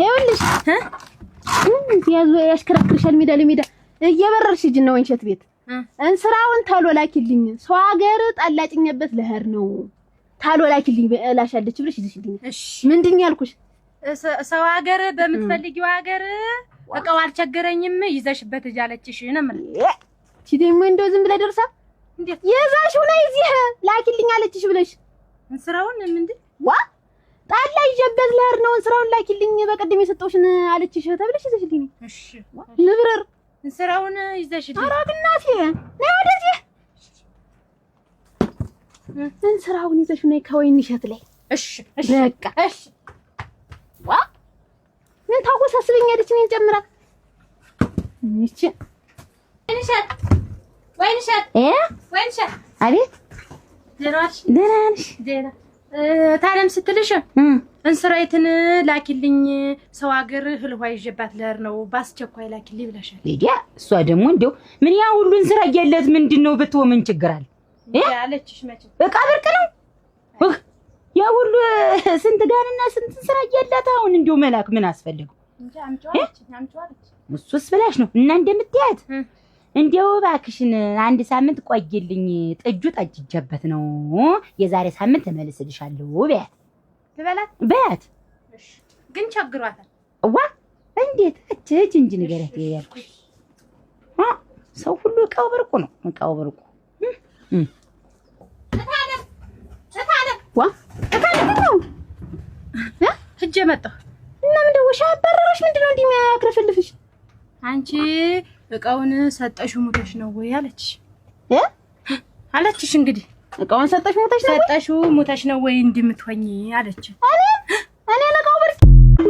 ይኸውልሽ ያዙ ያሽከረክርሻል ሜዳ ለሜዳ እየበረርሽ ሂጂ ነው ወንሸት ቤት እንስራውን ታሎ ላኪልኝ። ሰው ሀገር ጣላጭኝበት ለህር ነው ታሎ ላኪልኝ እላሻለች ብለሽ እሺ ምንድን ነው ያልኩሽ? ሰው ሀገር በምትፈልጊው ሀገር እቃው አልቸገረኝም ይዘሽበት እያለችሽ ነው ማለት እቺ ደግሞ እንደው ዝም ብለህ ደርሳ ይዘሽው ነይ እዚህ ላኪልኝ አለችሽ ብለሽ እንስራውን ምንድን ንብረር ነው ስራውን ላኪልኝ በቀደም የሰጠውሽን አለችሽ ተብለሽ ይዘሽልኝ እሺ ንብረር ስራውን ይዘሽልኝ ኧረ በእናትሽ ነይ ወደዚህ ስራውን ይዘሽ ነይ ከወይን እሸት ላይ እሺ እሺ በቃ እሺ ዋ ምን ታወሳስበኛለች እኔን ጨምራ እሺ ወይን እሸት ወይን እሸት እ ወይን እሸት አቤት ደህና ነሽ ደህና ታለም ስትልሽ እንስራይትን ላኪልኝ ሰው ሀገር ህልዋ ይዤባት ልሄድ ነው በአስቸኳይ ላኪልኝ ብለሻል። ሊዲያ እሷ ደግሞ እንዲያው ምን ያ ሁሉ እንስራ እያለት ምንድን ነው ብትወ ምን ችግር አለ? ያለችሽ መቼ በቃ ብርቅ ነው ያ ሁሉ ስንት ጋንና ስንት እንስራ እያለት አሁን እንዲያው መላክ ምን አስፈልገው? እሱስ ብላሽ ነው እና እንደምትያት እንዲያው እባክሽን አንድ ሳምንት ቆይልኝ ጥጁ ጠጅጀበት ነው የዛሬ ሳምንት እመልስልሻለሁ ቢያት ልበላት በያት። ግን ቸግሯታል። እዋ እንዴት እች እጅ እንጂ ንገሪያት ያልኩሽ። ሰው ሁሉ እቃው ብርቁ ነው፣ እቃው ብርቁ እጄ መጣሁ እና ምን ደወልሽ? አባረረሽ? ምንድን ነው እንዲህ የሚያክረፈልፍሽ? አንቺ እቃውን ሰጠሽው ሙቶሽ ነው ወይ አለችሽ አለችሽ እንግዲህ እቃውን ሰጠሽ ሙተሽ ነው ሰጠሽ ነው ወይ እንድምትሆኝ አለች። አለ